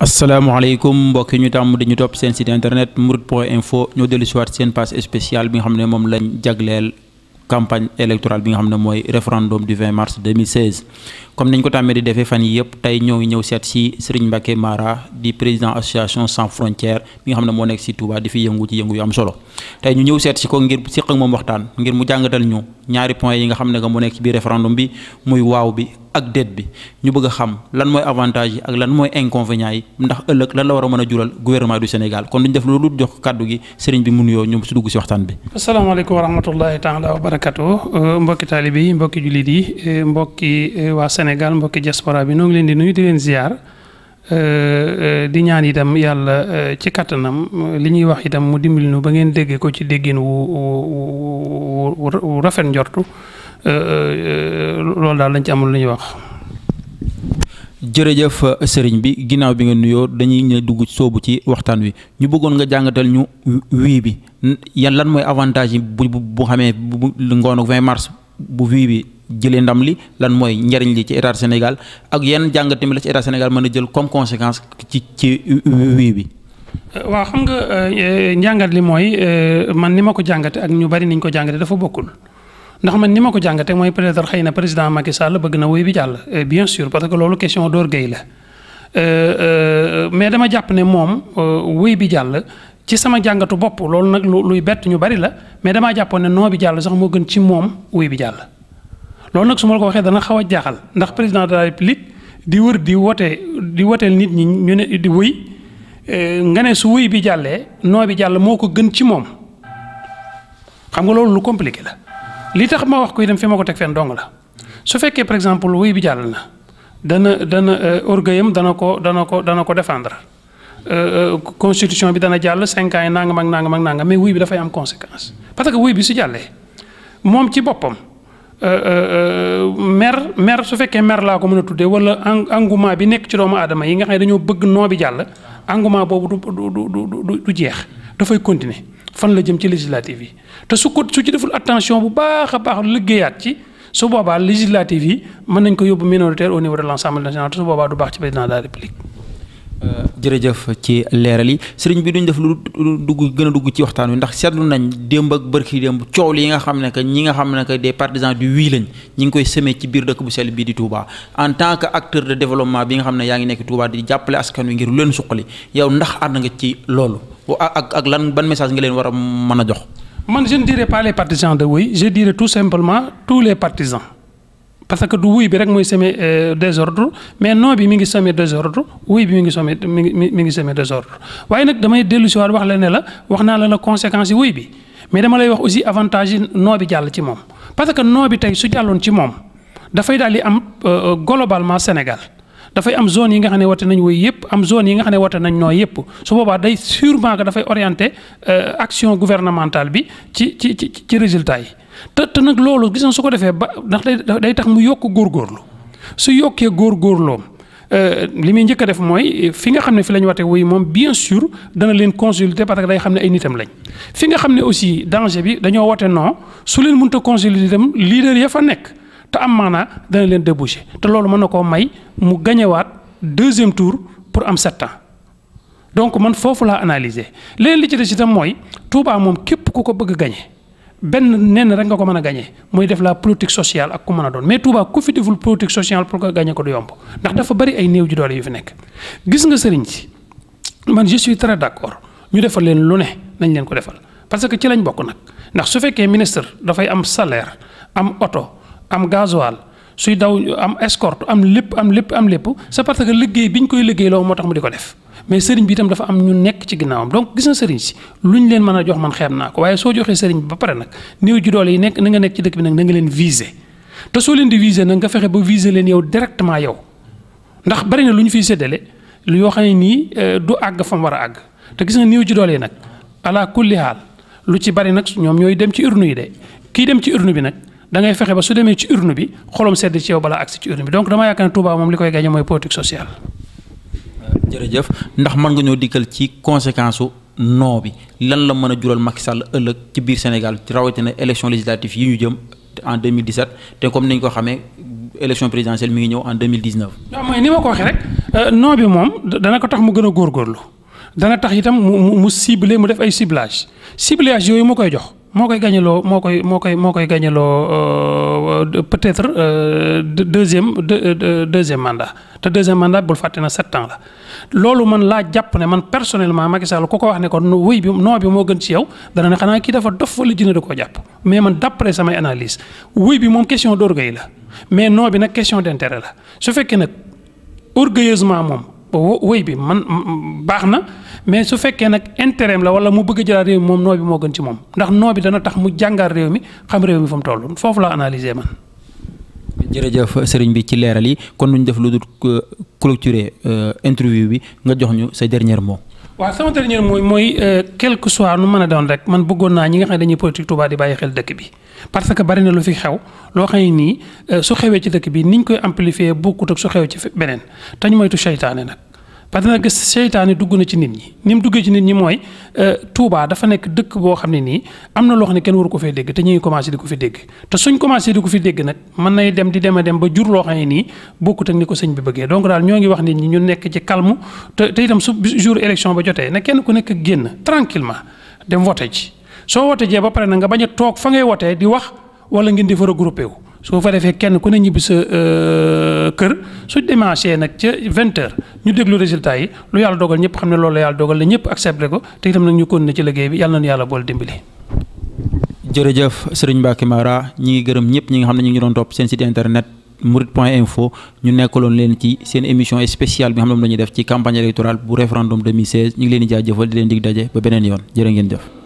Assalamualaikum. mbokk ñu tàmm ñu topp seen site internet murid point info ñoo dellu si waat seen page spéciale bi nga xam ne moom lañ jagleel campagne électorale bi nga xam ne référendum du 20 mars 2016 comme nañ ko tàmmee di defee fan yëpp tey ñoo ngi ñëw seet si Serigne Mbacké Mara di président association sans frontières bi nga xam ne moo nekk Touba di fi yëngu ci yëngu yu am solo tey ñu ñëw seet si ko ngir siq ak moom waxtaan ngir mu jàngatal ñu ñaari points yi nga xam ne que moo ci biir référendum bi muy waaw bi ak dette bi ñu bëgg a xam lan mooy avantage yi ak lan mooy inconvénients yi ndax ëllëg lan la war a mën a jural gouvernement du Sénégal kon duñ def loolu jox kàddu gi sëriñ bi mu nuyoo ñoom si dugg si waxtaan bi. asalaamaaleykum wa rahmatullahi taala wa barakatu euh, mbokki taalibe yi mbokki jullit yi euh, mbokki euh, waa Sénégal mbokki diaspora bi ñoo ngi leen di nuy di leen ziar. di ñaan itam yàlla ci kattanam li ñuy wax itam mu dimbali nu ba ngeen déggee ko ci déggin wu wu rafet njortu Euh, euh, euh, loolu daal lañ ci amul lu ñuy wax. jërëjëf sëriñ bi ginnaaw bi nga nuyoo dañuy ñu dugg soobu ci waxtaan wi ñu bëggoon nga jàngatal ñu wii bi yan lan mooy avantage yi bu xamee bu ngoonu 20 mars bu wii bi jëlee ndam li lan mooy njariñ li ci état Sénégal ak yan jàng tamit la ci état Sénégal mën a jël comme conséquence ci ci wii bi. waa xam nga njàngat li mooy man ni ma ko jàngate ak ñu bari niñ ko jàngate dafa bokkul. ndax ma ni ma ko jàngatee mooy peut xëy na président Macky Sall bëgg na woy bi jàll eh, bien sûr parce que loolu question d'orgueil la eh, eh, mais dama jàpp ne moom euh, woy bi jàll ci sama jàngatu bopp loolu nag luy bett ñu bari la mais damaa jàppoon ne noo bi jàll sax moo gën ci moom woy bi jàll. loolu nag su ma ko waxee dana xaw a jaaxal ndax président de la république di wër di wote di woteel nit ñi ñu ne di woy nga ne su woy bi jàllee noo bi jàll moo ko gën ci moom xam nga loolu lu compliqué la. li tax ma wax ko itam fi ma ko teg fenn dong la su fekkee par exemple wuy bi jàll na dana dana euh, orgueilam dana ko dana ko dana ko défendre euh, euh, constitution bi dana jàll 5 ans yi nangam ak nangam ak nangam mais wuy bi dafay am conséquence parce que wuy bi su jàllee moom ci boppam mer mer su fekkee mer laa ko mën a tuddee wala engouement bi nekk ci doomu aadama yi nga xam ne dañoo bëgg noo bi jàll engouement boobu du du du du jeex dafay continuer fan la jëm ci législative yi te su ko su ci deful attention bu baax a baax liggéeyaat ci su boobaa législative yi mën nañ ko yóbbu minoritaire au niveau de l' ensemble national te su boobaa du baax ci président de la république. Euh, jërëjëf ci leeral yi sëriñ bi duñ def lu dugg gën a dugg ci waxtaan wi ndax seetlu nañ démb ak bërki démb coow li nga xam ne que ñi nga xam ne que des partisans du wii lañ ñi ngi koy semé ci biir dëkk bu sell bii di Touba en tant que acteur de développement bi nga xam ne yaa ngi nekk Touba di jàppale askan wi ngir leen suqali yow ndax ànd nga ci loolu. ak ak lan ban message nga leen war a jox. man je ne dirais pas les partisans de oui. je dirais tout simplement tous les partisans parce que du Wuy bi rek mooy semer euh, désordre mais non bi mi ngi semer désordre oui, bi mi ngi semer mi ngi mi ngi semer désordre waaye nag damay dellu si waat wax la ne la wax naa la la conséquence oui, bi mais dama lay wax aussi avantage non, noo bi jàll ci parce que non bi tey su jàlloon ci moom dafay daal di am euh, euh, globalement Sénégal da fay am zone yi nga xamné ne nañ woy yépp am zone yi nga xamné ne nañ nooy yépp su boba day sûrement que orienter euh, action gouvernementale bi ci ci ci ci résultat yi te te nag loolu gis na su ko défé ndax day tax mu yok gor góorgóorlu su yokkee gor euh, li euh limi ñëk def moy fi nga xamné fi lañ ñu wate wuy moom bien sûr dana leen consulter parce que day xamné ay nitam lañ fi nga xamné aussi danger bi dañoo wate non su leen mënta consulter itam leader ya fa nek te am maanaa dana leen débouché te loolu mën na koo may mu gañewaat deuxième tour pour am sept ans donc man foofu laa analyser léegi li ci des itam mooy Touba moom képp ku ko bëgg a gañe benn nenn rek nga ko mën a gañe muy def la politique social ak ku mën a doon mais Touba ku fi deful politique sociale pour ko gañe ko du yomb ndax dafa bari ay néew ji doole yu fi nekk gis nga sëriñ ci man je suis très d'accord ñu defal leen lu ne nañ leen ko defal parce que ci lañ bokk nag ndax su fekkee ministre dafay am salaire am oto. am gasoil suy daw am escorte am lépp am lépp am lépp c'est parce que liggéey bi ñu koy liggéey loo moo tax mu di ko def mais sëriñ bi itam dafa am ñu nekk ci ginnaawam donc gis na sëriñ lu ñu leen mën a jox man xeeb naa ko waaye soo joxee sëriñ bi ba pare nag néew ji doole yi nekk nanga nekk ci dëkk bi nag na nga leen viser te soo leen di viser nag nga fexe ba viser leen yow directement yow ndax bari na lu ñu fiy séddale lu yoo xam ne nii euh, du àgg fa mu war a àgg te gis nga néew ji doole yi nag ala kulli haal lu ci bari nag ñoom ñooy dem ci urne yi de kii dem ci urne bi nag da ngay fexe ba su demee ci urne bi xolom sedd ci yow bala agsi ci urne bi donc dama yaakaar ne Touba moom li koy gañe mooy politique sociale. jërëjëf ndax man nga ñoo dikkal ci conséquence su non bi lan la mën a jural Macky Sall ëllëg ci biir Sénégal ci rawatina élection législative yi ñu jëm en 2017 te comme niñ ko xamee élection présidentielle mi ngi ñëw en 2019. waaw mooy ni ma ko waxee rek euh, non bi moom dana ko tax mu gën a góorgóorlu dana tax itam mu mu mu mu def ay ciblage ciblage yooyu mu koy jox moo koy gañaloo moo koy moo koy moo koy gañaloo euh, peut-être euh, deuxième euh, deuxième mandat te deuxième mandat bul fàtte na sept ans la loolu man laa jàpp ne man personnellement Macky Sall ku ko wax ne ko wuy bi non bi moo gën ci yow dana ne xanaa kii dafa dof wala jina da koo jàpp mais man d'après samay analyse wuy bi moom question d'orgueil la mais non bi nag question d'intérêt la su fekkee nag orgueilleusement moom wuy bi man baax na mais su fekkee nag intérêt am la wala mu bëgg a réew mi moom noo bi moo gën ci moom ndax noo bi dana tax mu jàngaar réew mi xam réew mi fa mu toll foofu laa analyser man. jërëjëf sëriñ bi ci leeral yi kon nu ñu def lu dul euh, clôturer euh, interview bi nga jox ñu sa dernier mot. waaw sama dernier mooy mooy euh, quelque soit nu mën a doon rek man bëggoon naa ñi nga xam ne dañuy politique Touba di bàyyi xel dëkk bi parce que bari na lu fi xew loo xam ne nii su xewee ci dëkk bi niñ koy amplifier bokkut ak su ci beneen te moytu seytaane nag. parce que nag seytaane dugg na ci nit ñi nim mu ci nit ñi moy euh Touba dafa nek dëkk bo xamni ni amna lo xamni loo kenn waru ko fay dégg te ñi ngi commencé di ko fi dégg te suñ commencé di ko fi dégg nak man nay dem di dem dem ba jur lo xamni ni bokku tak ak ni ko sëñ bi bëggee donc dal ñoo ngi wax nit ñi ñu nek ci calme te te itam su jour élection ba joté nak kenn ku nek genn tranquillement dem voter ci so voter je ba paré na nga baña tok fa ngay voter di wax wala ngeen di fa regrouper wu soo fa defee kenn ku ne ñibbi sa euh, kër su démarché nag ca vingt heures ñu déglu résultat yi lu yàlla dogal ñëpp xam ne loolu la yàlla dogal la ñëpp accepté ko te itam nag ñu continuer ci liggéey bi yàlla nañu yàlla boole dimbali. jërëjëf sëriñ Mbacke Mara ñi ngi gërëm ñëpp ñi nga xam ne ñu ngi doon topp seen site internet. murit point info ñu nekkaloon leen ci seen émission spéciale bi nga xam ne moom la ñuy def ci campagne électorale bu référendum 2016 ngi leen di jaajëfal daje ba beneen jërë ngeen